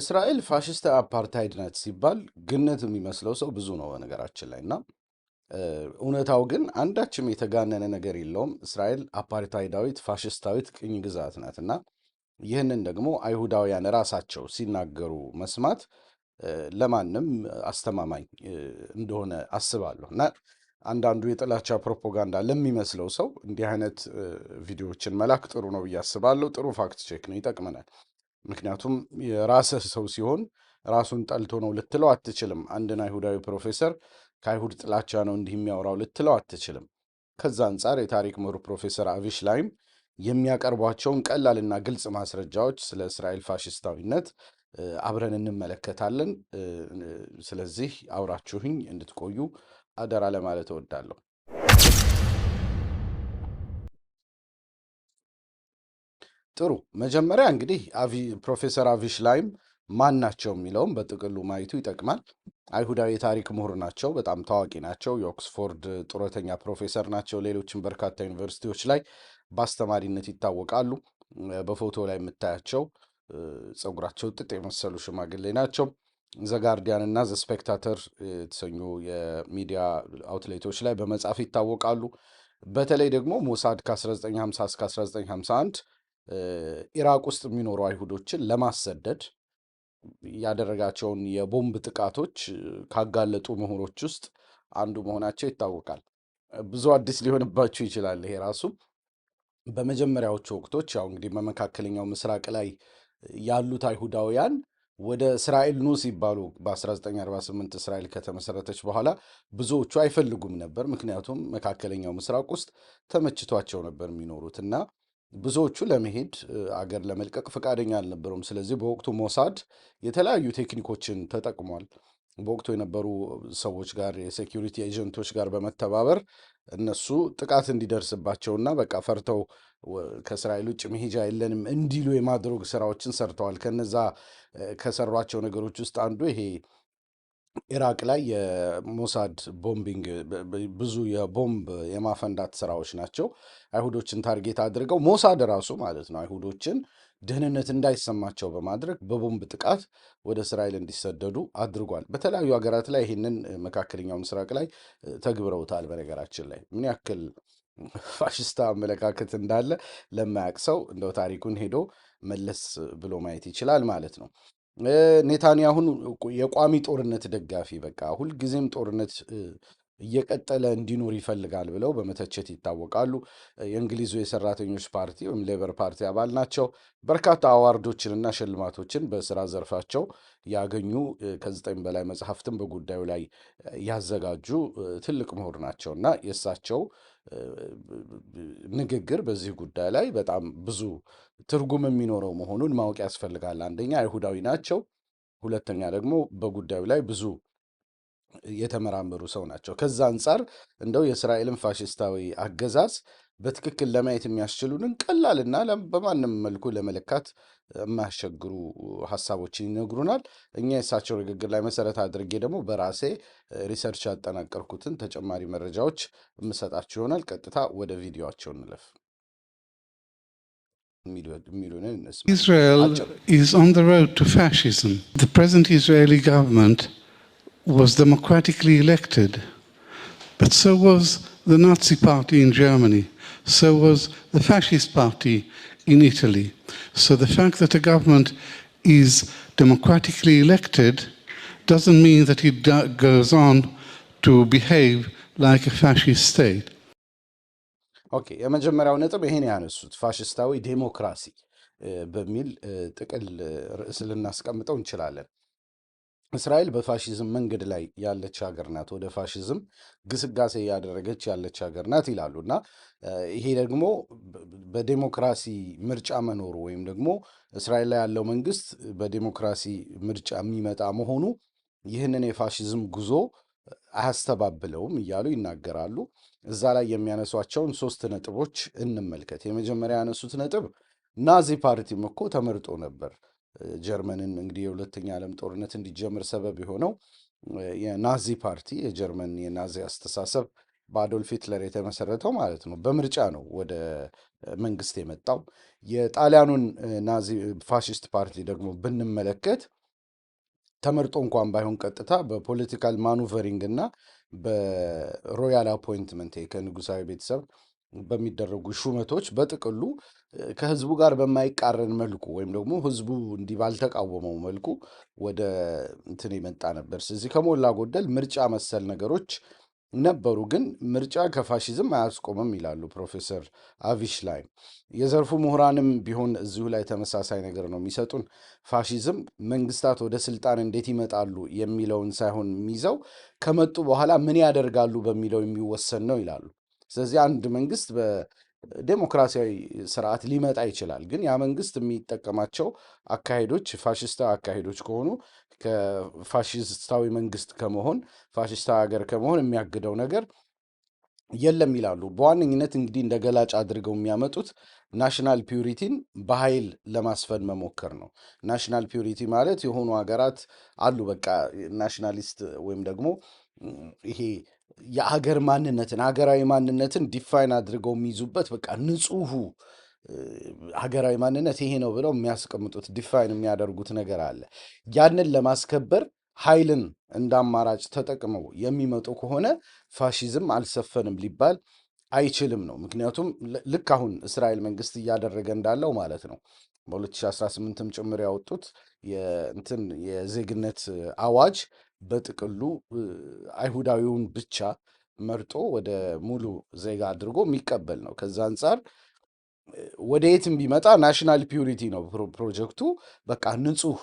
እስራኤል ፋሽስት አፓርታይድ ናት ሲባል ግነት የሚመስለው ሰው ብዙ ነው በነገራችን ላይ እና እውነታው ግን አንዳችም የተጋነነ ነገር የለውም። እስራኤል አፓርታይዳዊት ፋሽስታዊት ቅኝ ግዛት ናት እና ይህንን ደግሞ አይሁዳውያን ራሳቸው ሲናገሩ መስማት ለማንም አስተማማኝ እንደሆነ አስባለሁ እና አንዳንዱ የጥላቻ ፕሮፓጋንዳ ለሚመስለው ሰው እንዲህ አይነት ቪዲዮዎችን መላክ ጥሩ ነው ብዬ አስባለሁ። ጥሩ ፋክት ቼክ ነው፣ ይጠቅመናል። ምክንያቱም የራስህ ሰው ሲሆን ራሱን ጠልቶ ነው ልትለው አትችልም። አንድን አይሁዳዊ ፕሮፌሰር ከአይሁድ ጥላቻ ነው እንዲህ የሚያወራው ልትለው አትችልም። ከዛ አንጻር የታሪክ ምሁር ፕሮፌሰር አቪሽ ላይም የሚያቀርቧቸውን ቀላልና ግልጽ ማስረጃዎች ስለ እስራኤል ፋሽስታዊነት አብረን እንመለከታለን። ስለዚህ አውራችሁኝ እንድትቆዩ አደራ ለማለት እወዳለሁ። ጥሩ መጀመሪያ እንግዲህ ፕሮፌሰር አቪሽ ላይም ማን ናቸው የሚለውም በጥቅሉ ማየቱ ይጠቅማል። አይሁዳዊ የታሪክ ምሁር ናቸው። በጣም ታዋቂ ናቸው። የኦክስፎርድ ጡረተኛ ፕሮፌሰር ናቸው። ሌሎችም በርካታ ዩኒቨርሲቲዎች ላይ በአስተማሪነት ይታወቃሉ። በፎቶ ላይ የምታያቸው ፀጉራቸው ጥጥ የመሰሉ ሽማግሌ ናቸው። ዘጋርዲያን እና ዘስፔክታተር የተሰኙ የሚዲያ አውትሌቶች ላይ በመጻፍ ይታወቃሉ። በተለይ ደግሞ ሞሳድ ከ1950 እስከ 1951 ኢራቅ ውስጥ የሚኖሩ አይሁዶችን ለማሰደድ ያደረጋቸውን የቦምብ ጥቃቶች ካጋለጡ ምሁሮች ውስጥ አንዱ መሆናቸው ይታወቃል። ብዙ አዲስ ሊሆንባቸው ይችላል ይሄ ራሱ። በመጀመሪያዎቹ ወቅቶች ያው እንግዲህ በመካከለኛው ምስራቅ ላይ ያሉት አይሁዳውያን ወደ እስራኤል ኑ ሲባሉ በ1948 እስራኤል ከተመሰረተች በኋላ ብዙዎቹ አይፈልጉም ነበር። ምክንያቱም መካከለኛው ምስራቅ ውስጥ ተመችቷቸው ነበር የሚኖሩት እና ብዙዎቹ ለመሄድ አገር ለመልቀቅ ፈቃደኛ አልነበሩም። ስለዚህ በወቅቱ ሞሳድ የተለያዩ ቴክኒኮችን ተጠቅሟል። በወቅቱ የነበሩ ሰዎች ጋር የሴኪሪቲ ኤጀንቶች ጋር በመተባበር እነሱ ጥቃት እንዲደርስባቸውና በቃ ፈርተው ከእስራኤል ውጭ መሄጃ የለንም እንዲሉ የማድረግ ስራዎችን ሰርተዋል። ከነዛ ከሰሯቸው ነገሮች ውስጥ አንዱ ይሄ ኢራቅ ላይ የሞሳድ ቦምቢንግ ብዙ የቦምብ የማፈንዳት ስራዎች ናቸው። አይሁዶችን ታርጌት አድርገው ሞሳድ ራሱ ማለት ነው አይሁዶችን ደህንነት እንዳይሰማቸው በማድረግ በቦምብ ጥቃት ወደ እስራኤል እንዲሰደዱ አድርጓል። በተለያዩ ሀገራት ላይ ይህንን መካከለኛው ምስራቅ ላይ ተግብረውታል። በነገራችን ላይ ምን ያክል ፋሽስታ አመለካከት እንዳለ ለማያቅ ሰው እንደው ታሪኩን ሄዶ መለስ ብሎ ማየት ይችላል ማለት ነው። ኔታንያሁን የቋሚ ጦርነት ደጋፊ በቃ ሁልጊዜም ጦርነት እየቀጠለ እንዲኖር ይፈልጋል ብለው በመተቸት ይታወቃሉ። የእንግሊዙ የሰራተኞች ፓርቲ ወይም ሌበር ፓርቲ አባል ናቸው። በርካታ አዋርዶችንና ሽልማቶችን በስራ ዘርፋቸው ያገኙ ከዘጠኝ በላይ መጽሐፍትን በጉዳዩ ላይ ያዘጋጁ ትልቅ ምሁር ናቸውና የእሳቸው ንግግር በዚህ ጉዳይ ላይ በጣም ብዙ ትርጉም የሚኖረው መሆኑን ማወቅ ያስፈልጋል። አንደኛ አይሁዳዊ ናቸው፣ ሁለተኛ ደግሞ በጉዳዩ ላይ ብዙ የተመራመሩ ሰው ናቸው። ከዛ አንጻር እንደው የእስራኤልን ፋሽስታዊ አገዛዝ በትክክል ለማየት የሚያስችሉንን ቀላልና በማንም መልኩ ለመለካት የማያስቸግሩ ሀሳቦችን ይነግሩናል። እኛ የእሳቸው ንግግር ላይ መሰረት አድርጌ ደግሞ በራሴ ሪሰርች ያጠናቀርኩትን ተጨማሪ መረጃዎች የምሰጣችሁ ይሆናል። ቀጥታ ወደ ቪዲዮቸው እንለፍ። Israel is on the road to fascism. The present Israeli government was democratically elected, but so was the Nazi Party in Germany. So was the Fascist Party in Italy. So the fact that a government is democratically elected doesn't mean that it do- goes on to behave like a fascist state. ኦኬ የመጀመሪያው ነጥብ ይሄን ያነሱት ፋሽስታዊ ዴሞክራሲ በሚል ጥቅል ርዕስ ልናስቀምጠው እንችላለን። እስራኤል በፋሽዝም መንገድ ላይ ያለች ሀገር ናት፣ ወደ ፋሽዝም ግስጋሴ እያደረገች ያለች ሀገር ናት ይላሉ እና ይሄ ደግሞ በዴሞክራሲ ምርጫ መኖሩ ወይም ደግሞ እስራኤል ላይ ያለው መንግስት በዴሞክራሲ ምርጫ የሚመጣ መሆኑ ይህንን የፋሽዝም ጉዞ አያስተባብለውም እያሉ ይናገራሉ። እዛ ላይ የሚያነሷቸውን ሶስት ነጥቦች እንመልከት። የመጀመሪያ ያነሱት ነጥብ ናዚ ፓርቲም እኮ ተመርጦ ነበር ጀርመንን እንግዲህ የሁለተኛ ዓለም ጦርነት እንዲጀምር ሰበብ የሆነው የናዚ ፓርቲ የጀርመን የናዚ አስተሳሰብ በአዶልፍ ሂትለር የተመሰረተው ማለት ነው። በምርጫ ነው ወደ መንግስት የመጣው። የጣሊያኑን ናዚ ፋሽስት ፓርቲ ደግሞ ብንመለከት ተመርጦ እንኳን ባይሆን ቀጥታ በፖለቲካል ማኑቨሪንግ እና በሮያል አፖይንትመንት ከንጉሳዊ ቤተሰብ በሚደረጉ ሹመቶች በጥቅሉ ከህዝቡ ጋር በማይቃረን መልኩ ወይም ደግሞ ህዝቡ እንዲህ ባልተቃወመው መልኩ ወደ እንትን የመጣ ነበር። ስለዚህ ከሞላ ጎደል ምርጫ መሰል ነገሮች ነበሩ። ግን ምርጫ ከፋሽዝም አያስቆምም ይላሉ ፕሮፌሰር አቪሽ ላይ። የዘርፉ ምሁራንም ቢሆን እዚሁ ላይ ተመሳሳይ ነገር ነው የሚሰጡን። ፋሽዝም መንግስታት ወደ ስልጣን እንዴት ይመጣሉ የሚለውን ሳይሆን የሚይዘው ከመጡ በኋላ ምን ያደርጋሉ በሚለው የሚወሰን ነው ይላሉ። ስለዚህ አንድ መንግስት ዴሞክራሲያዊ ስርዓት ሊመጣ ይችላል። ግን ያ መንግስት የሚጠቀማቸው አካሄዶች ፋሽስታዊ አካሄዶች ከሆኑ ከፋሽስታዊ መንግስት ከመሆን ፋሽስታ ሀገር ከመሆን የሚያግደው ነገር የለም ይላሉ። በዋነኝነት እንግዲህ እንደ ገላጭ አድርገው የሚያመጡት ናሽናል ፒውሪቲን በኃይል ለማስፈን መሞከር ነው። ናሽናል ፒውሪቲ ማለት የሆኑ ሀገራት አሉ፣ በቃ ናሽናሊስት ወይም ደግሞ ይሄ የአገር ማንነትን ሀገራዊ ማንነትን ዲፋይን አድርገው የሚይዙበት በቃ ንጹሁ ሀገራዊ ማንነት ይሄ ነው ብለው የሚያስቀምጡት ዲፋይን የሚያደርጉት ነገር አለ። ያንን ለማስከበር ኃይልን እንደ አማራጭ ተጠቅመው የሚመጡ ከሆነ ፋሺዝም አልሰፈንም ሊባል አይችልም ነው። ምክንያቱም ልክ አሁን እስራኤል መንግስት እያደረገ እንዳለው ማለት ነው። በ2018ም ጭምር ያወጡት የእንትን የዜግነት አዋጅ በጥቅሉ አይሁዳዊውን ብቻ መርጦ ወደ ሙሉ ዜጋ አድርጎ የሚቀበል ነው። ከዛ አንጻር ወደ የትም ቢመጣ ናሽናል ፒውሪቲ ነው ፕሮጀክቱ። በቃ ንጹህ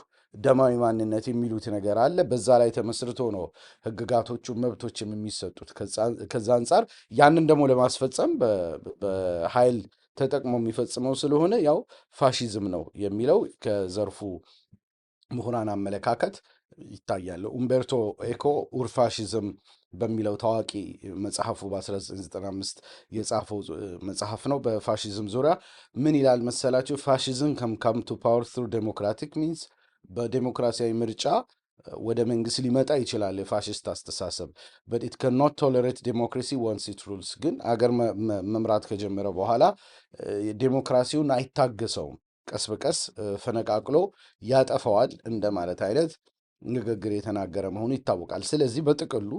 ደማዊ ማንነት የሚሉት ነገር አለ። በዛ ላይ ተመስርቶ ነው ህግጋቶቹ መብቶችም የሚሰጡት። ከዛ አንጻር ያንን ደግሞ ለማስፈጸም በኃይል ተጠቅሞ የሚፈጽመው ስለሆነ ያው ፋሽዝም ነው የሚለው ከዘርፉ ምሁራን አመለካከት ይታያል። ኡምቤርቶ ኤኮ ኡርፋሽዝም በሚለው ታዋቂ መጽሐፉ በ1995 የጻፈው መጽሐፍ ነው። በፋሽዝም ዙሪያ ምን ይላል መሰላችሁ? ፋሽዝም ከም ካም ቱ ፓወር ትሩ ዴሞክራቲክ ሚንስ በዴሞክራሲያዊ ምርጫ ወደ መንግስት ሊመጣ ይችላል የፋሽስት አስተሳሰብ በት ኢት ከን ኖት ቶለሬት ዴሞክራሲ ወንስ ኢት ሩልስ ግን አገር መምራት ከጀመረ በኋላ ዴሞክራሲውን አይታገሰውም ቀስ በቀስ ፈነቃቅሎ ያጠፈዋል እንደማለት አይነት ንግግር የተናገረ መሆኑ ይታወቃል። ስለዚህ በጥቅሉ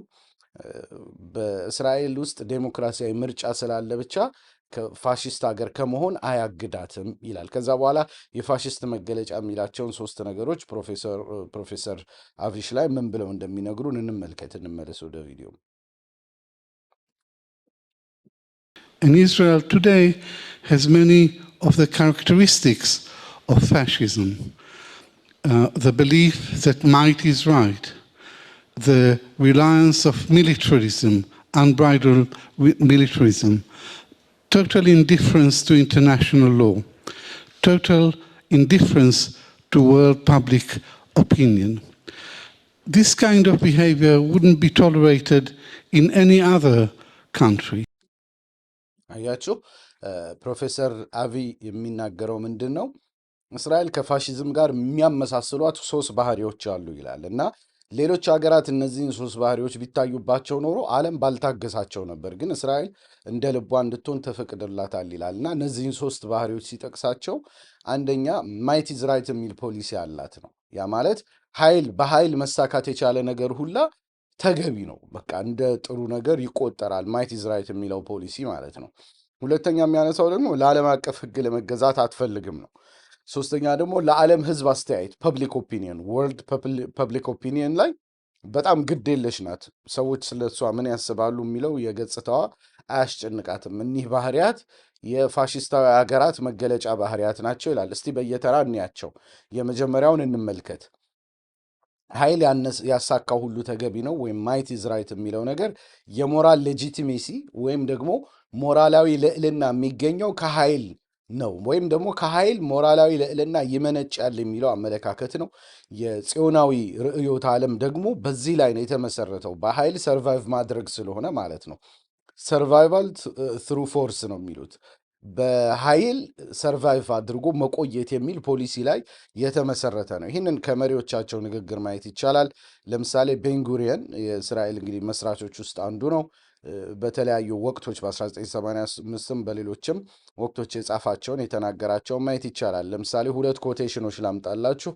በእስራኤል ውስጥ ዴሞክራሲያዊ ምርጫ ስላለ ብቻ ፋሽስት ሀገር ከመሆን አያግዳትም ይላል። ከዛ በኋላ የፋሽስት መገለጫ የሚላቸውን ሶስት ነገሮች ፕሮፌሰር አቪሽ ላይ ምን ብለው እንደሚነግሩን እንመልከት። እንመለስ ወደ ቪዲዮ And Israel of the characteristics of fascism. Uh, the belief that might is right, the reliance of militarism, unbridled militarism, total indifference to international law, total indifference to world public opinion. This kind of behavior wouldn't be tolerated in any other country. Ayacho ፕሮፌሰር አብይ የሚናገረው ምንድን ነው? እስራኤል ከፋሽዝም ጋር የሚያመሳስሏት ሶስት ባህሪዎች አሉ ይላል እና ሌሎች ሀገራት እነዚህን ሶስት ባህሪዎች ቢታዩባቸው ኖሮ ዓለም ባልታገሳቸው ነበር፣ ግን እስራኤል እንደ ልቧ እንድትሆን ተፈቅድላታል ይላል እና እነዚህን ሶስት ባህሪዎች ሲጠቅሳቸው አንደኛ ማይት ኢዝ ራይት የሚል ፖሊሲ አላት ነው። ያ ማለት ኃይል በኃይል መሳካት የቻለ ነገር ሁላ ተገቢ ነው፣ በቃ እንደ ጥሩ ነገር ይቆጠራል። ማይት ኢዝ ራይት የሚለው ፖሊሲ ማለት ነው። ሁለተኛ የሚያነሳው ደግሞ ለዓለም አቀፍ ህግ ለመገዛት አትፈልግም ነው። ሶስተኛ ደግሞ ለዓለም ህዝብ አስተያየት ፐብሊክ ኦፒኒየን ወርልድ ፐብሊክ ኦፒኒየን ላይ በጣም ግድ የለሽ ናት። ሰዎች ስለ እሷ ምን ያስባሉ የሚለው የገጽታዋ አያስጨንቃትም። እኒህ ባህሪያት የፋሽስታዊ ሀገራት መገለጫ ባህሪያት ናቸው ይላል። እስቲ በየተራ እንያቸው። የመጀመሪያውን እንመልከት። ኃይል ያሳካው ሁሉ ተገቢ ነው ወይም ማይት ኢዝ ራይት የሚለው ነገር የሞራል ሌጂቲሜሲ ወይም ደግሞ ሞራላዊ ልዕልና የሚገኘው ከኃይል ነው ወይም ደግሞ ከኃይል ሞራላዊ ልዕልና ይመነጫል የሚለው አመለካከት ነው። የጽዮናዊ ርዕዮተ ዓለም ደግሞ በዚህ ላይ ነው የተመሰረተው፣ በኃይል ሰርቫይቭ ማድረግ ስለሆነ ማለት ነው። ሰርቫይቫል ትሩ ፎርስ ነው የሚሉት በኃይል ሰርቫይቭ አድርጎ መቆየት የሚል ፖሊሲ ላይ የተመሰረተ ነው። ይህንን ከመሪዎቻቸው ንግግር ማየት ይቻላል። ለምሳሌ ቤንጉሪየን የእስራኤል እንግዲህ መስራቾች ውስጥ አንዱ ነው። በተለያዩ ወቅቶች በ1985ም በሌሎችም ወቅቶች የጻፋቸውን የተናገራቸውን ማየት ይቻላል። ለምሳሌ ሁለት ኮቴሽኖች ላምጣላችሁ።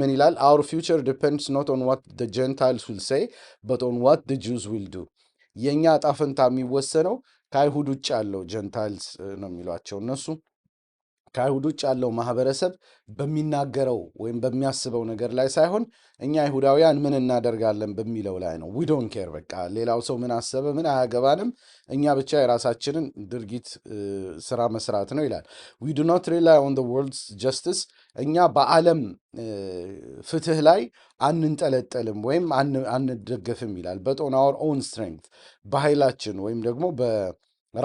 ምን ይላል? አውር ፊውቸር ዲፔንድስ ኖት ኦን ዋት ደ ጀንታይልስ ዊል ሴይ በት ኦን ዋት ደ ጁዝ ዊል ዱ። የእኛ ዕጣ ፈንታ የሚወሰነው ከአይሁድ ውጭ ያለው ጀንታይልስ ነው የሚሏቸው እነሱ ከአይሁድ ውጭ ያለው ማህበረሰብ በሚናገረው ወይም በሚያስበው ነገር ላይ ሳይሆን እኛ አይሁዳውያን ምን እናደርጋለን በሚለው ላይ ነው። ዊዶን ኬር በቃ ሌላው ሰው ምን አሰበ ምን አያገባንም፣ እኛ ብቻ የራሳችንን ድርጊት ስራ መስራት ነው ይላል። ዊ ዱ ኖት ሪላይ ኦን ወርልድስ ጀስቲስ፣ እኛ በዓለም ፍትህ ላይ አንንጠለጠልም ወይም አንደገፍም ይላል። በጦን አወር ኦን ስትሬንግት፣ በኃይላችን ወይም ደግሞ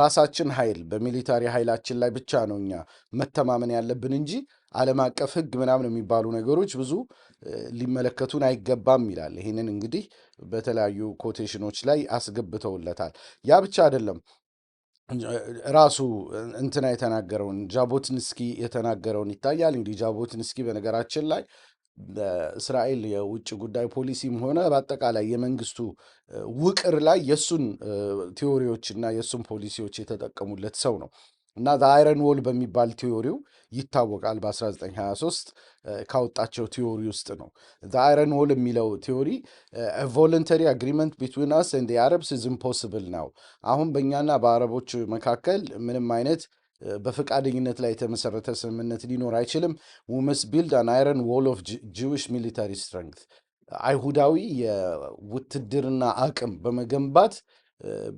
ራሳችን ኃይል በሚሊታሪ ኃይላችን ላይ ብቻ ነው እኛ መተማመን ያለብን እንጂ ዓለም አቀፍ ሕግ ምናምን የሚባሉ ነገሮች ብዙ ሊመለከቱን አይገባም ይላል። ይህንን እንግዲህ በተለያዩ ኮቴሽኖች ላይ አስገብተውለታል። ያ ብቻ አይደለም። ራሱ እንትና የተናገረውን ጃቦትንስኪ የተናገረውን ይታያል። እንግዲህ ጃቦትንስኪ በነገራችን ላይ እስራኤል የውጭ ጉዳይ ፖሊሲም ሆነ በአጠቃላይ የመንግስቱ ውቅር ላይ የእሱን ቲዎሪዎችና የእሱን ፖሊሲዎች የተጠቀሙለት ሰው ነው እና አይረን ወል በሚባል ቲዎሪው ይታወቃል። በ1923 ካወጣቸው ቲዎሪ ውስጥ ነው። አይረን ወል የሚለው ቲዎሪ ቮለንተሪ አግሪመንት ቢትዊን አስ ኤንድ አረብስ ኢዝ ኢምፖስብል ነው። አሁን በእኛና በአረቦች መካከል ምንም አይነት በፈቃደኝነት ላይ የተመሰረተ ስምምነት ሊኖር አይችልም። ዊመስ ቢልድ አን አይረን ዎል ኦፍ ጂዊሽ ሚሊታሪ ስትረንግት አይሁዳዊ የውትድርና አቅም በመገንባት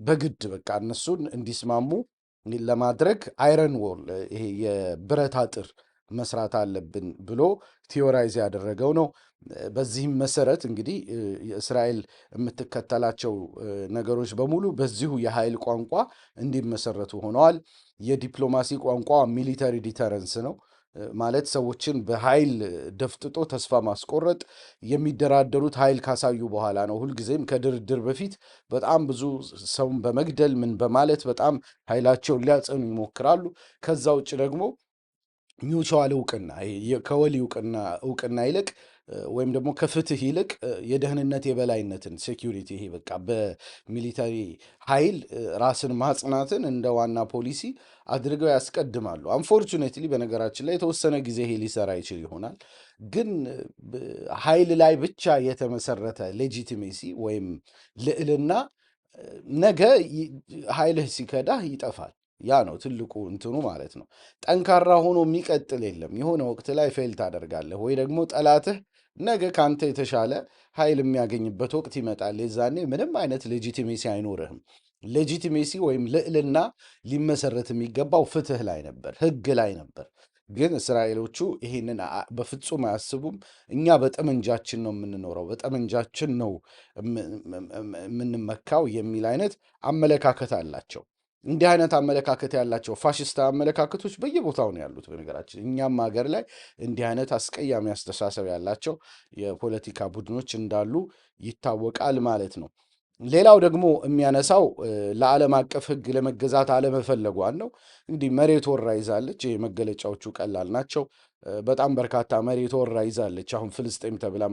በግድ በቃ እነሱን እንዲስማሙ ለማድረግ አይረን ዎል ይሄ የብረት አጥር መስራት አለብን ብሎ ቲዮራይዝ ያደረገው ነው። በዚህም መሰረት እንግዲህ እስራኤል የምትከተላቸው ነገሮች በሙሉ በዚሁ የኃይል ቋንቋ እንዲመሰረቱ ሆነዋል። የዲፕሎማሲ ቋንቋ ሚሊተሪ ዲተረንስ ነው ማለት ሰዎችን በኃይል ደፍጥጦ ተስፋ ማስቆረጥ የሚደራደሩት ኃይል ካሳዩ በኋላ ነው። ሁልጊዜም ከድርድር በፊት በጣም ብዙ ሰውን በመግደል ምን በማለት በጣም ኃይላቸውን ሊያጸኑ ይሞክራሉ። ከዛ ውጭ ደግሞ ሚውቸዋል እውቅና ከወሊ እውቅና ይልቅ ወይም ደግሞ ከፍትህ ይልቅ የደህንነት የበላይነትን ሴኪሪቲ ይሄ በቃ በሚሊተሪ ኃይል ራስን ማጽናትን እንደ ዋና ፖሊሲ አድርገው ያስቀድማሉ። አንፎርቹኔትሊ በነገራችን ላይ የተወሰነ ጊዜ ይሄ ሊሰራ ይችል ይሆናል፣ ግን ኃይል ላይ ብቻ የተመሰረተ ሌጂቲሜሲ ወይም ልዕልና ነገ ኃይልህ ሲከዳህ ይጠፋል። ያ ነው ትልቁ እንትኑ ማለት ነው። ጠንካራ ሆኖ የሚቀጥል የለም። የሆነ ወቅት ላይ ፌል ታደርጋለህ ወይ ደግሞ ጠላትህ ነገ ከአንተ የተሻለ ኃይል የሚያገኝበት ወቅት ይመጣል። የዛኔ ምንም አይነት ሌጂቲሜሲ አይኖርህም። ሌጂቲሜሲ ወይም ልዕልና ሊመሰረት የሚገባው ፍትህ ላይ ነበር፣ ህግ ላይ ነበር። ግን እስራኤሎቹ ይህንን በፍጹም አያስቡም። እኛ በጠመንጃችን ነው የምንኖረው፣ በጠመንጃችን ነው የምንመካው የሚል አይነት አመለካከት አላቸው። እንዲህ አይነት አመለካከት ያላቸው ፋሽስት አመለካከቶች በየቦታው ነው ያሉት። በነገራችን እኛም ሀገር ላይ እንዲህ አይነት አስቀያሚ አስተሳሰብ ያላቸው የፖለቲካ ቡድኖች እንዳሉ ይታወቃል ማለት ነው። ሌላው ደግሞ የሚያነሳው ለዓለም አቀፍ ሕግ ለመገዛት አለመፈለጓን ነው። እንግዲህ መሬት ወራ ይዛለች። ይህ መገለጫዎቹ ቀላል ናቸው። በጣም በርካታ መሬት ወራ ይዛለች። አሁን ፍልስጤም ተብላ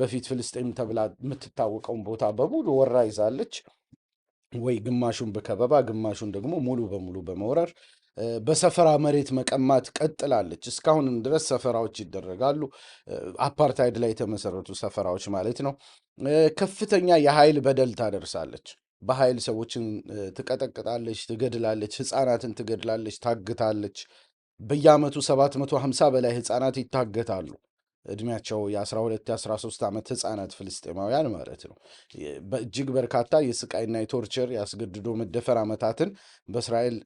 በፊት ፍልስጤም ተብላ የምትታወቀውን ቦታ በሙሉ ወራ ይዛለች። ወይ ግማሹን በከበባ ግማሹን ደግሞ ሙሉ በሙሉ በመውረር በሰፈራ መሬት መቀማት ቀጥላለች። እስካሁንም ድረስ ሰፈራዎች ይደረጋሉ። አፓርታይድ ላይ የተመሰረቱ ሰፈራዎች ማለት ነው። ከፍተኛ የኃይል በደል ታደርሳለች። በኃይል ሰዎችን ትቀጠቅጣለች፣ ትገድላለች፣ ህፃናትን ትገድላለች፣ ታግታለች። በየአመቱ 750 በላይ ህፃናት ይታገታሉ። እድሜያቸው የ12 የ13 ዓመት ህፃናት ፍልስጤማውያን ማለት ነው። በእጅግ በርካታ የስቃይና የቶርቸር ያስገድዶ መደፈር ዓመታትን በእስራኤል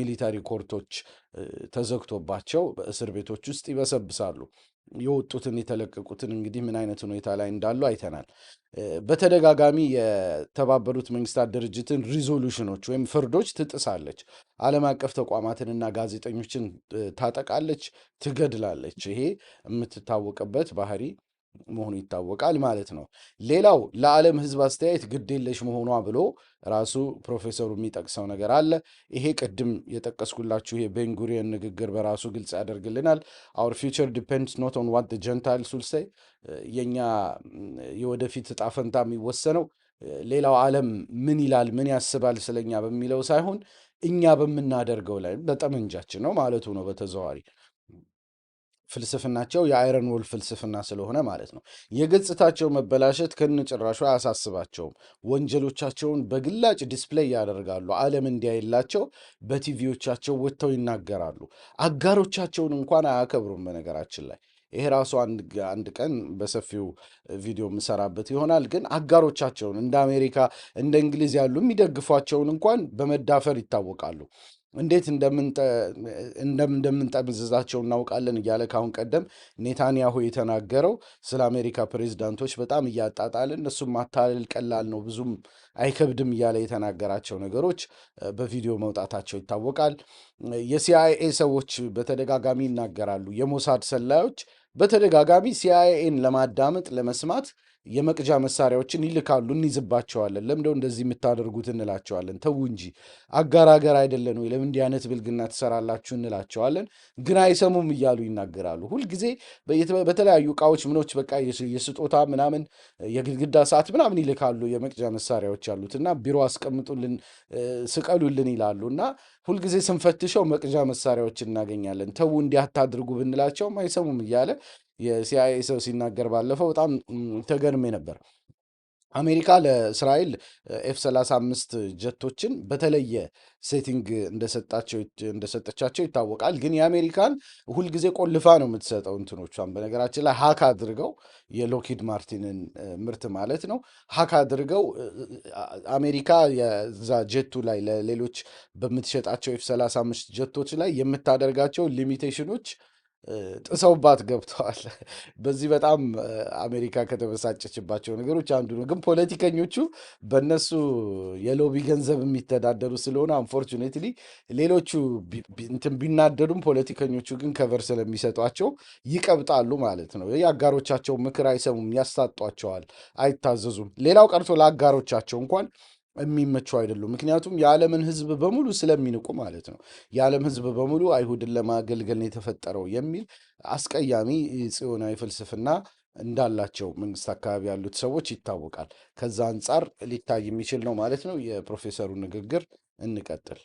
ሚሊታሪ ኮርቶች ተዘግቶባቸው በእስር ቤቶች ውስጥ ይበሰብሳሉ። የወጡትን የተለቀቁትን እንግዲህ ምን አይነት ሁኔታ ላይ እንዳሉ አይተናል። በተደጋጋሚ የተባበሩት መንግስታት ድርጅትን ሪዞሉሽኖች ወይም ፍርዶች ትጥሳለች። ዓለም አቀፍ ተቋማትንና ጋዜጠኞችን ታጠቃለች፣ ትገድላለች። ይሄ የምትታወቅበት ባህሪ መሆኑ ይታወቃል ማለት ነው። ሌላው ለዓለም ሕዝብ አስተያየት የለሽ መሆኗ ብሎ ራሱ ፕሮፌሰሩ የሚጠቅሰው ነገር አለ። ይሄ ቅድም የጠቀስኩላችሁ የቤንጉሪየን ንግግር በራሱ ግልጽ ያደርግልናል። አውር ፊውቸር ዲፔንድስ ኖት ኦን ዋት ጀንታይል ሱልሳይ የእኛ የወደፊት ጣፈንታ ፈንታ የሚወሰነው ሌላው ዓለም ምን ይላል ምን ያስባል ስለኛ በሚለው ሳይሆን እኛ በምናደርገው ላይ በጠመንጃችን ነው ማለቱ ነው በተዘዋዋሪ ፍልስፍናቸው የአይረን ወል ፍልስፍና ስለሆነ ማለት ነው። የገጽታቸው መበላሸት ከነጭራሹ አያሳስባቸውም። ወንጀሎቻቸውን በግላጭ ዲስፕሌይ ያደርጋሉ። ዓለም እንዲያይላቸው በቲቪዎቻቸው ወጥተው ይናገራሉ። አጋሮቻቸውን እንኳን አያከብሩም። በነገራችን ላይ ይሄ ራሱ አንድ ቀን በሰፊው ቪዲዮ የምሰራበት ይሆናል። ግን አጋሮቻቸውን እንደ አሜሪካ እንደ እንግሊዝ ያሉ የሚደግፏቸውን እንኳን በመዳፈር ይታወቃሉ። እንዴት እንደምንጠምዝዛቸው እናውቃለን እያለ ካሁን ቀደም ኔታንያሁ የተናገረው ስለ አሜሪካ ፕሬዚዳንቶች በጣም እያጣጣለን እሱም ማታለል ቀላል ነው ብዙም አይከብድም እያለ የተናገራቸው ነገሮች በቪዲዮ መውጣታቸው ይታወቃል። የሲአይኤ ሰዎች በተደጋጋሚ ይናገራሉ። የሞሳድ ሰላዮች በተደጋጋሚ ሲአይኤን ለማዳመጥ ለመስማት የመቅጃ መሳሪያዎችን ይልካሉ፣ እንይዝባቸዋለን። ለምደው እንደዚህ የምታደርጉት እንላቸዋለን። ተዉ እንጂ አጋራገር አገር አይደለን ወይ? ለምን እንዲህ አይነት ብልግና ትሰራላችሁ? እንላቸዋለን። ግን አይሰሙም እያሉ ይናገራሉ። ሁልጊዜ በተለያዩ እቃዎች ምኖች በቃ የስጦታ ምናምን የግድግዳ ሰዓት ምናምን ይልካሉ። የመቅጃ መሳሪያዎች ያሉት እና ቢሮ አስቀምጡልን፣ ስቀሉልን ይላሉ እና ሁልጊዜ ስንፈትሸው መቅጃ መሳሪያዎች እናገኛለን። ተዉ እንዲህ አታድርጉ ብንላቸውም አይሰሙም እያለ የሲአይኤ ሰው ሲናገር ባለፈው በጣም ተገርሜ ነበር። አሜሪካ ለእስራኤል ኤፍ 35 ጀቶችን በተለየ ሴቲንግ እንደሰጠቻቸው ይታወቃል። ግን የአሜሪካን ሁልጊዜ ቆልፋ ነው የምትሰጠው እንትኖቿን። በነገራችን ላይ ሀክ አድርገው የሎኪድ ማርቲንን ምርት ማለት ነው ሀክ አድርገው አሜሪካ የዛ ጀቱ ላይ ለሌሎች በምትሸጣቸው ኤፍ 35 ጀቶች ላይ የምታደርጋቸው ሊሚቴሽኖች ጥሰውባት ገብተዋል። በዚህ በጣም አሜሪካ ከተበሳጨችባቸው ነገሮች አንዱ ነው። ግን ፖለቲከኞቹ በእነሱ የሎቢ ገንዘብ የሚተዳደሩ ስለሆነ አንፎርቹኔትሊ ሌሎቹ እንትን ቢናደዱም ፖለቲከኞቹ ግን ከቨር ስለሚሰጧቸው ይቀብጣሉ ማለት ነው። የአጋሮቻቸው ምክር አይሰሙም፣ ያሳጧቸዋል፣ አይታዘዙም። ሌላው ቀርቶ ለአጋሮቻቸው እንኳን የሚመቹ አይደሉም። ምክንያቱም የዓለምን ሕዝብ በሙሉ ስለሚንቁ ማለት ነው። የዓለም ሕዝብ በሙሉ አይሁድን ለማገልገል ነው የተፈጠረው የሚል አስቀያሚ ጽዮናዊ ፍልስፍና እንዳላቸው መንግስት አካባቢ ያሉት ሰዎች ይታወቃል። ከዛ አንጻር ሊታይ የሚችል ነው ማለት ነው። የፕሮፌሰሩ ንግግር እንቀጥል።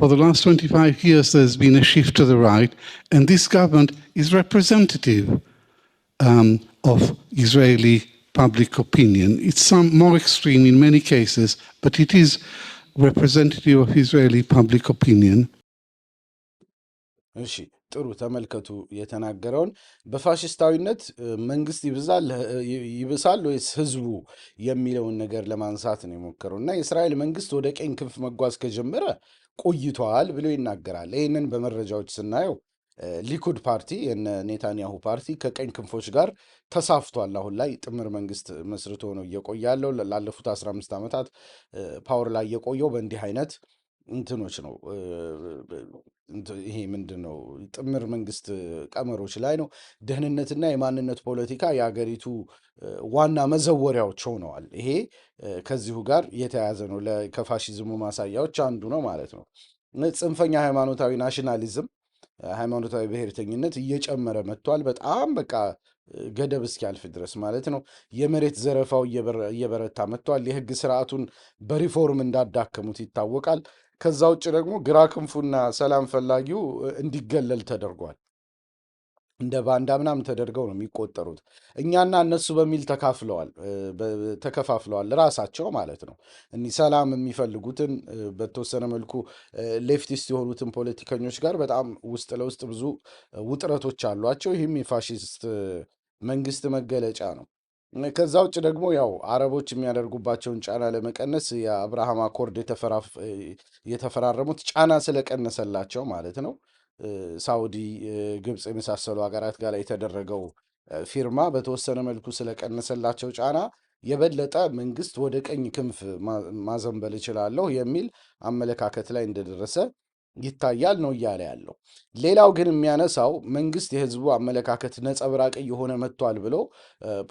For the last 25 years, there's been a shift to the right, and this government is representative um, of Israeli public opinion. It's some more extreme in many cases, but it is representative of Israeli public opinion. እሺ ጥሩ ተመልከቱ የተናገረውን በፋሽስታዊነት መንግስት ይብሳል ወይስ ህዝቡ የሚለውን ነገር ለማንሳት ነው የሞከረው እና የእስራኤል መንግስት ወደ ቀኝ ክንፍ መጓዝ ከጀመረ ቆይተዋል ብሎ ይናገራል። ይህንን በመረጃዎች ስናየው ሊኩድ ፓርቲ የነ ኔታንያሁ ፓርቲ ከቀኝ ክንፎች ጋር ተሳፍቷል። አሁን ላይ ጥምር መንግስት መስርቶ ነው እየቆያለው። ላለፉት 15 ዓመታት ፓወር ላይ የቆየው በእንዲህ አይነት እንትኖች ነው። ይሄ ምንድን ነው? ጥምር መንግስት ቀመሮች ላይ ነው። ደህንነትና የማንነት ፖለቲካ የአገሪቱ ዋና መዘወሪያዎች ሆነዋል። ይሄ ከዚሁ ጋር የተያያዘ ነው። ከፋሽዝሙ ማሳያዎች አንዱ ነው ማለት ነው። ጽንፈኛ ሃይማኖታዊ ናሽናሊዝም ሃይማኖታዊ ብሔርተኝነት እየጨመረ መጥቷል። በጣም በቃ ገደብ እስኪያልፍ ድረስ ማለት ነው። የመሬት ዘረፋው እየበረታ መጥቷል። የህግ ስርዓቱን በሪፎርም እንዳዳከሙት ይታወቃል። ከዛ ውጭ ደግሞ ግራ ክንፉና ሰላም ፈላጊው እንዲገለል ተደርጓል። እንደ ባንዳ ምናምን ተደርገው ነው የሚቆጠሩት። እኛና እነሱ በሚል ተካፍለዋል ተከፋፍለዋል ራሳቸው ማለት ነው። እኒህ ሰላም የሚፈልጉትን በተወሰነ መልኩ ሌፍቲስት የሆኑትን ፖለቲከኞች ጋር በጣም ውስጥ ለውስጥ ብዙ ውጥረቶች አሏቸው። ይህም የፋሽስት መንግስት መገለጫ ነው። ከዛ ውጭ ደግሞ ያው አረቦች የሚያደርጉባቸውን ጫና ለመቀነስ የአብርሃም አኮርድ የተፈራረሙት ጫና ስለቀነሰላቸው ማለት ነው። ሳውዲ፣ ግብፅ የመሳሰሉ ሀገራት ጋር የተደረገው ፊርማ በተወሰነ መልኩ ስለቀነሰላቸው ጫና የበለጠ መንግስት ወደ ቀኝ ክንፍ ማዘንበል እችላለሁ የሚል አመለካከት ላይ እንደደረሰ ይታያል ነው እያለ ያለው። ሌላው ግን የሚያነሳው መንግስት የህዝቡ አመለካከት ነጸብራቅ እየሆነ መጥቷል ብሎ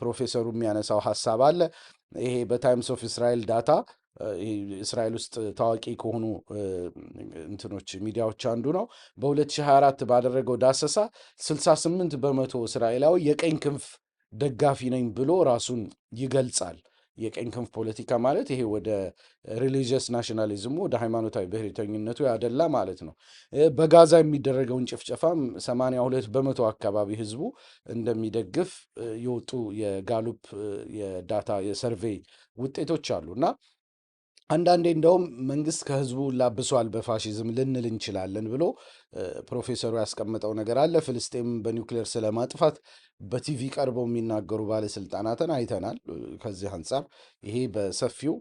ፕሮፌሰሩ የሚያነሳው ሀሳብ አለ። ይሄ በታይምስ ኦፍ እስራኤል ዳታ እስራኤል ውስጥ ታዋቂ ከሆኑ እንትኖች ሚዲያዎች አንዱ ነው። በ2024 ባደረገው ዳሰሳ 68 በመቶ እስራኤላዊ የቀኝ ክንፍ ደጋፊ ነኝ ብሎ ራሱን ይገልጻል። የቀኝ ክንፍ ፖለቲካ ማለት ይሄ ወደ ሪሊጂየስ ናሽናሊዝሙ ወደ ሃይማኖታዊ ብሔርተኝነቱ ያደላ ማለት ነው። በጋዛ የሚደረገውን ጭፍጨፋም 82 በመቶ አካባቢ ህዝቡ እንደሚደግፍ የወጡ የጋሉፕ የዳታ የሰርቬይ ውጤቶች አሉ እና አንዳንዴ እንደውም መንግስት ከህዝቡ ላብሷል በፋሽዝም ልንል እንችላለን ብሎ ፕሮፌሰሩ ያስቀመጠው ነገር አለ። ፍልስጤም በኒውክሌር ስለማጥፋት በቲቪ ቀርበው የሚናገሩ ባለስልጣናትን አይተናል። ከዚህ አንጻር ይሄ በሰፊው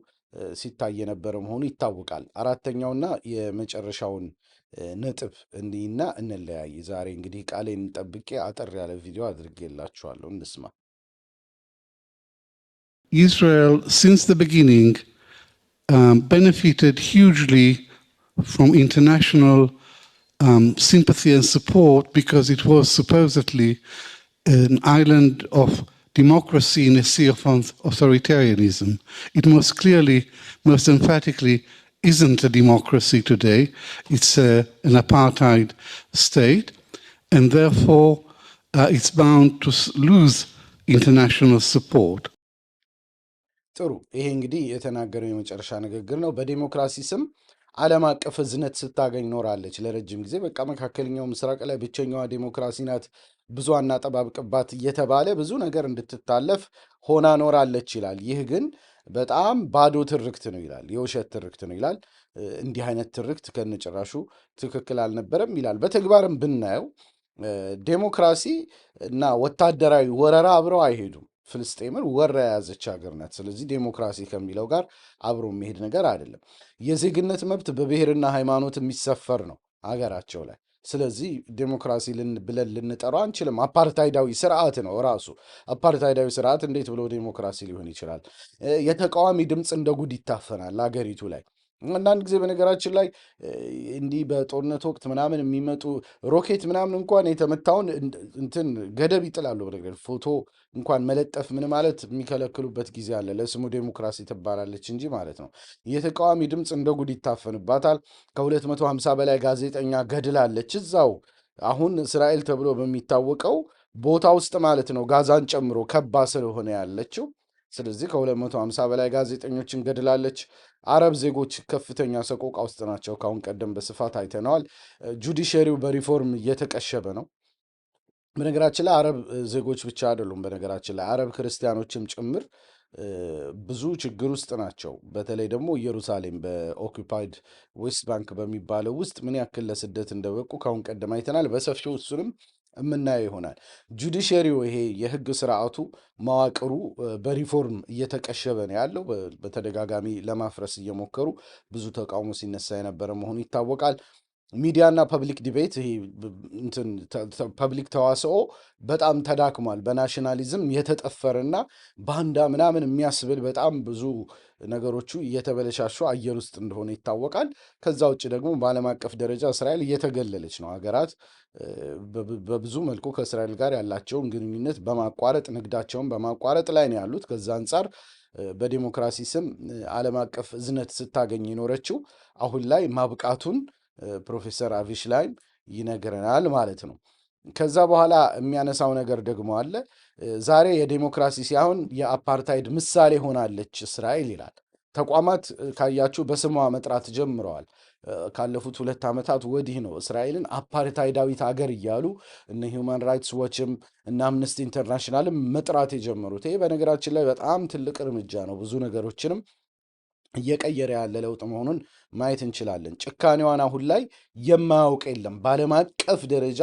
ሲታይ የነበረ መሆኑ ይታወቃል። አራተኛውና የመጨረሻውን ነጥብ እንዲህና እንለያይ። ዛሬ እንግዲህ ቃሌን ጠብቄ አጠር ያለ ቪዲዮ አድርጌላችኋለሁ፣ እንስማ። Israel since the um, benefited hugely from international um, sympathy and support because it was supposedly an island of democracy in a sea of authoritarianism. It most clearly, most emphatically, isn't a democracy today. It's a, an apartheid state, and therefore uh, it's bound to lose international support. ጥሩ ይሄ እንግዲህ የተናገረው የመጨረሻ ንግግር ነው። በዴሞክራሲ ስም ዓለም አቀፍ እዝነት ስታገኝ ኖራለች ለረጅም ጊዜ። በቃ መካከለኛው ምስራቅ ላይ ብቸኛዋ ዴሞክራሲ ናት፣ ብዙ አናጠባብቅባት እየተባለ ብዙ ነገር እንድትታለፍ ሆና ኖራለች ይላል። ይህ ግን በጣም ባዶ ትርክት ነው ይላል። የውሸት ትርክት ነው ይላል። እንዲህ አይነት ትርክት ከነጭራሹ ትክክል አልነበረም ይላል። በተግባርም ብናየው ዴሞክራሲ እና ወታደራዊ ወረራ አብረው አይሄዱም። ፍልስጤምን ወራ የያዘች ሀገር ናት። ስለዚህ ዴሞክራሲ ከሚለው ጋር አብሮ የሚሄድ ነገር አይደለም። የዜግነት መብት በብሔርና ሃይማኖት የሚሰፈር ነው ሀገራቸው ላይ። ስለዚህ ዴሞክራሲ ብለን ልንጠራ አንችልም። አፓርታይዳዊ ስርዓት ነው ራሱ። አፓርታይዳዊ ስርዓት እንዴት ብሎ ዴሞክራሲ ሊሆን ይችላል? የተቃዋሚ ድምፅ እንደ ጉድ ይታፈናል አገሪቱ ላይ አንዳንድ ጊዜ በነገራችን ላይ እንዲህ በጦርነት ወቅት ምናምን የሚመጡ ሮኬት ምናምን እንኳን የተመታውን እንትን ገደብ ይጥላሉ። በነገር ፎቶ እንኳን መለጠፍ ምን ማለት የሚከለክሉበት ጊዜ አለ። ለስሙ ዴሞክራሲ ትባላለች እንጂ ማለት ነው። የተቃዋሚ ድምፅ እንደ ጉድ ይታፈንባታል። ከ250 በላይ ጋዜጠኛ ገድላለች እዛው አሁን እስራኤል ተብሎ በሚታወቀው ቦታ ውስጥ ማለት ነው። ጋዛን ጨምሮ ከባ ስለሆነ ያለችው ስለዚህ ከ250 በላይ ጋዜጠኞች እንገድላለች። አረብ ዜጎች ከፍተኛ ሰቆቃ ውስጥ ናቸው። ከአሁን ቀደም በስፋት አይተነዋል። ጁዲሽሪው በሪፎርም እየተቀሸበ ነው። በነገራችን ላይ አረብ ዜጎች ብቻ አይደሉም። በነገራችን ላይ አረብ ክርስቲያኖችም ጭምር ብዙ ችግር ውስጥ ናቸው። በተለይ ደግሞ ኢየሩሳሌም በኦኪፓይድ ዌስት ባንክ በሚባለው ውስጥ ምን ያክል ለስደት እንደበቁ ከአሁን ቀደም አይተናል በሰፊው እሱንም የምናየው ይሆናል። ጁዲሽሪው ይሄ የህግ ስርዓቱ መዋቅሩ በሪፎርም እየተቀሸበ ነው ያለው። በተደጋጋሚ ለማፍረስ እየሞከሩ ብዙ ተቃውሞ ሲነሳ የነበረ መሆኑ ይታወቃል። ሚዲያና ፐብሊክ ዲቤት ይሄ ፐብሊክ ተዋስኦ በጣም ተዳክሟል። በናሽናሊዝም የተጠፈረና ባንዳ ምናምን የሚያስብል በጣም ብዙ ነገሮቹ እየተበለሻሹ አየር ውስጥ እንደሆነ ይታወቃል። ከዛ ውጭ ደግሞ በዓለም አቀፍ ደረጃ እስራኤል እየተገለለች ነው። ሀገራት በብዙ መልኩ ከእስራኤል ጋር ያላቸውን ግንኙነት በማቋረጥ ንግዳቸውን በማቋረጥ ላይ ነው ያሉት። ከዛ አንጻር በዲሞክራሲ ስም ዓለም አቀፍ እዝነት ስታገኝ የኖረችው አሁን ላይ ማብቃቱን ፕሮፌሰር አቪሽ ላይም ይነግረናል ማለት ነው። ከዛ በኋላ የሚያነሳው ነገር ደግሞ አለ። ዛሬ የዴሞክራሲ ሳይሆን የአፓርታይድ ምሳሌ ሆናለች እስራኤል ይላል። ተቋማት ካያችሁ በስሟ መጥራት ጀምረዋል። ካለፉት ሁለት ዓመታት ወዲህ ነው እስራኤልን አፓርታይዳዊት አገር እያሉ እነ ሂውማን ራይትስ ዎችም እነ አምነስቲ ኢንተርናሽናልም መጥራት የጀመሩት። ይሄ በነገራችን ላይ በጣም ትልቅ እርምጃ ነው። ብዙ ነገሮችንም እየቀየረ ያለ ለውጥ መሆኑን ማየት እንችላለን። ጭካኔዋን አሁን ላይ የማያውቅ የለም። በዓለም አቀፍ ደረጃ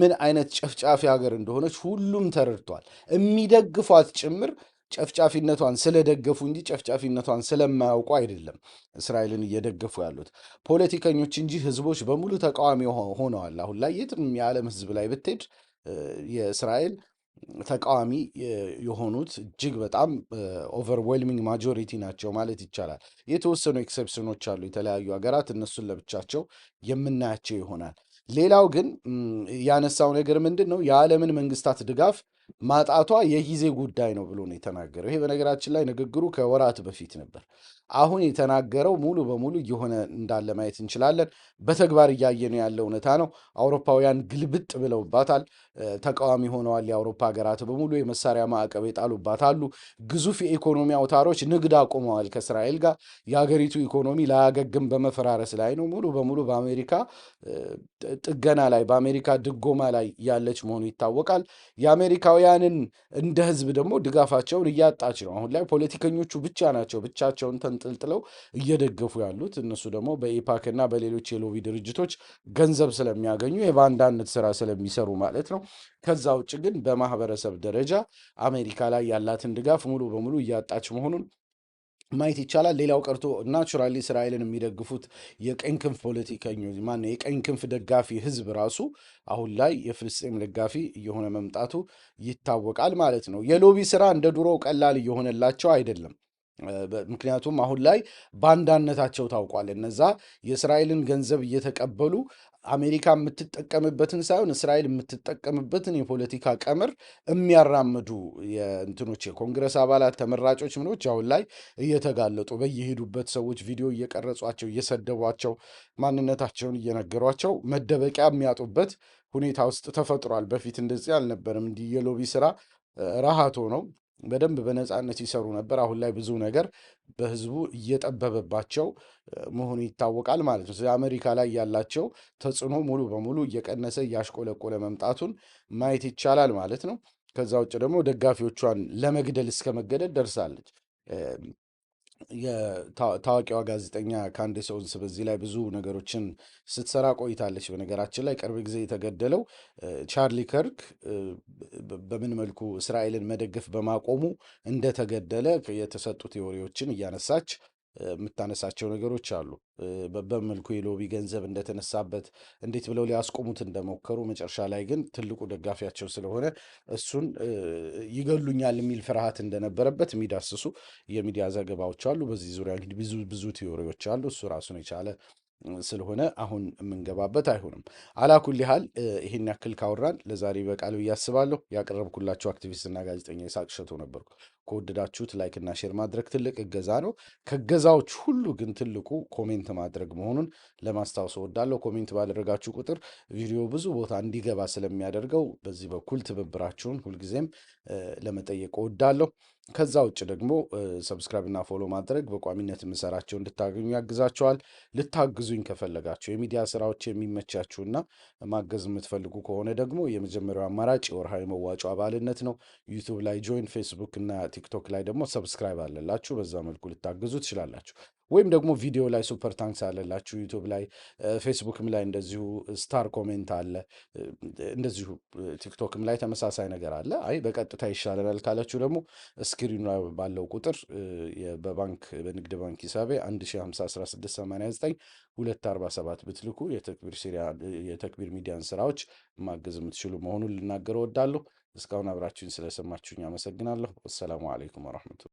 ምን አይነት ጨፍጫፊ ሀገር እንደሆነች ሁሉም ተረድቷል። የሚደግፏት ጭምር ጨፍጫፊነቷን ስለደገፉ እንጂ ጨፍጫፊነቷን ስለማያውቁ አይደለም እስራኤልን እየደገፉ ያሉት ፖለቲከኞች እንጂ ህዝቦች በሙሉ ተቃዋሚ ሆነዋል። አሁን ላይ የትም የዓለም ህዝብ ላይ ብትሄድ የእስራኤል ተቃዋሚ የሆኑት እጅግ በጣም ኦቨርዌልሚንግ ማጆሪቲ ናቸው ማለት ይቻላል። የተወሰኑ ኤክሰፕሽኖች አሉ፣ የተለያዩ ሀገራት እነሱን ለብቻቸው የምናያቸው ይሆናል። ሌላው ግን ያነሳው ነገር ምንድን ነው? የዓለምን መንግስታት ድጋፍ ማጣቷ የጊዜ ጉዳይ ነው ብሎ ነው የተናገረው። ይሄ በነገራችን ላይ ንግግሩ ከወራት በፊት ነበር። አሁን የተናገረው ሙሉ በሙሉ እየሆነ እንዳለ ማየት እንችላለን። በተግባር እያየን ያለ እውነታ ነው። አውሮፓውያን ግልብጥ ብለውባታል። ተቃዋሚ ሆነዋል። የአውሮፓ ሀገራት በሙሉ የመሳሪያ ማዕቀብ የጣሉባት አሉ። ግዙፍ የኢኮኖሚ አውታሮች ንግድ አቁመዋል ከእስራኤል ጋር። የሀገሪቱ ኢኮኖሚ ላያገግም በመፈራረስ ላይ ነው። ሙሉ በሙሉ በአሜሪካ ጥገና ላይ፣ በአሜሪካ ድጎማ ላይ ያለች መሆኑ ይታወቃል። የአሜሪካ ኢትዮጵያውያንን እንደ ህዝብ ደግሞ ድጋፋቸውን እያጣች ነው። አሁን ላይ ፖለቲከኞቹ ብቻ ናቸው ብቻቸውን ተንጠልጥለው እየደገፉ ያሉት። እነሱ ደግሞ በኢፓክ እና በሌሎች የሎቢ ድርጅቶች ገንዘብ ስለሚያገኙ የባንዳነት ስራ ስለሚሰሩ ማለት ነው። ከዛ ውጭ ግን በማህበረሰብ ደረጃ አሜሪካ ላይ ያላትን ድጋፍ ሙሉ በሙሉ እያጣች መሆኑን ማየት ይቻላል። ሌላው ቀርቶ ናቹራሊ እስራኤልን የሚደግፉት የቀኝ ክንፍ ፖለቲከኞች ማነው የቀኝ ክንፍ ደጋፊ ህዝብ ራሱ አሁን ላይ የፍልስጤም ደጋፊ እየሆነ መምጣቱ ይታወቃል ማለት ነው። የሎቢ ስራ እንደ ድሮ ቀላል እየሆነላቸው አይደለም። ምክንያቱም አሁን ላይ ባንዳነታቸው ታውቋል። እነዛ የእስራኤልን ገንዘብ እየተቀበሉ አሜሪካ የምትጠቀምበትን ሳይሆን እስራኤል የምትጠቀምበትን የፖለቲካ ቀመር የሚያራምዱ የእንትኖች የኮንግረስ አባላት ተመራጮች ምኖች አሁን ላይ እየተጋለጡ በየሄዱበት ሰዎች ቪዲዮ እየቀረጿቸው እየሰደቧቸው ማንነታቸውን እየነገሯቸው መደበቂያ የሚያጡበት ሁኔታ ውስጥ ተፈጥሯል። በፊት እንደዚህ አልነበርም። እንዲህ የሎቢ ስራ ረሃቶ ነው በደንብ በነፃነት ይሰሩ ነበር። አሁን ላይ ብዙ ነገር በህዝቡ እየጠበበባቸው መሆኑ ይታወቃል ማለት ነው። ስለዚህ አሜሪካ ላይ ያላቸው ተጽዕኖ ሙሉ በሙሉ እየቀነሰ እያሽቆለቆለ መምጣቱን ማየት ይቻላል ማለት ነው። ከዛ ውጭ ደግሞ ደጋፊዎቿን ለመግደል እስከ መገደል ደርሳለች። የታዋቂዋ ጋዜጠኛ ሰውን ስብ እዚህ ላይ ብዙ ነገሮችን ስትሰራ ቆይታለች። በነገራችን ላይ ቅርብ ጊዜ የተገደለው ቻርሊ ከርክ በምን መልኩ እስራኤልን መደገፍ በማቆሙ እንደተገደለ የተሰጡ ቴዎሪዎችን እያነሳች የምታነሳቸው ነገሮች አሉ። በመልኩ የሎቢ ገንዘብ እንደተነሳበት እንዴት ብለው ሊያስቆሙት እንደሞከሩ መጨረሻ ላይ ግን ትልቁ ደጋፊያቸው ስለሆነ እሱን ይገሉኛል የሚል ፍርሃት እንደነበረበት የሚዳስሱ የሚዲያ ዘገባዎች አሉ። በዚህ ዙሪያ እንግዲህ ብዙ ብዙ ቲዎሪዎች አሉ። እሱ ራሱን የቻለ ስለሆነ አሁን የምንገባበት አይሆንም። አላኩል ያህል ይህን ያክል ካወራን ለዛሬ በቃል እያስባለሁ። አስባለሁ። ያቀረብኩላቸው አክቲቪስትና ጋዜጠኛ ይስሐቅ እሸቱ ነበርኩ። ከወደዳችሁት ላይክና ሼር ማድረግ ትልቅ እገዛ ነው። ከገዛዎች ሁሉ ግን ትልቁ ኮሜንት ማድረግ መሆኑን ለማስታወስ እወዳለሁ። ኮሜንት ባደረጋችሁ ቁጥር ቪዲዮ ብዙ ቦታ እንዲገባ ስለሚያደርገው በዚህ በኩል ትብብራችሁን ሁልጊዜም ለመጠየቅ እወዳለሁ። ከዛ ውጭ ደግሞ ሰብስክራይብ እና ፎሎ ማድረግ በቋሚነት የምሰራቸው እንድታገኙ ያግዛቸዋል ልታግዙኝ ከፈለጋችሁ የሚዲያ ስራዎች የሚመቻችሁና ማገዝ የምትፈልጉ ከሆነ ደግሞ የመጀመሪያው አማራጭ የወርሃዊ መዋጮ አባልነት ነው። ዩቱብ ላይ ጆይን፣ ፌስቡክ እና ቲክቶክ ላይ ደግሞ ሰብስክራይብ አለላችሁ። በዛ መልኩ ልታግዙ ትችላላችሁ። ወይም ደግሞ ቪዲዮ ላይ ሱፐር ታንክስ አለላችሁ ዩቱብ ላይ ፌስቡክም ላይ እንደዚሁ ስታር ኮሜንት አለ። እንደዚሁ ቲክቶክም ላይ ተመሳሳይ ነገር አለ። አይ በቀጥታ ይሻለናል ካላችሁ ደግሞ ስክሪኑ ላይ ባለው ቁጥር በባንክ በንግድ ባንክ ሂሳቤ 1051689 ብትልኩ የተክቢር ሚዲያን ስራዎች ማገዝ የምትችሉ መሆኑን ልናገር እወዳለሁ። እስካሁን አብራችሁን ስለሰማችሁኝ አመሰግናለሁ። ወሰላሙ አለይኩም ወረሕመቱላህ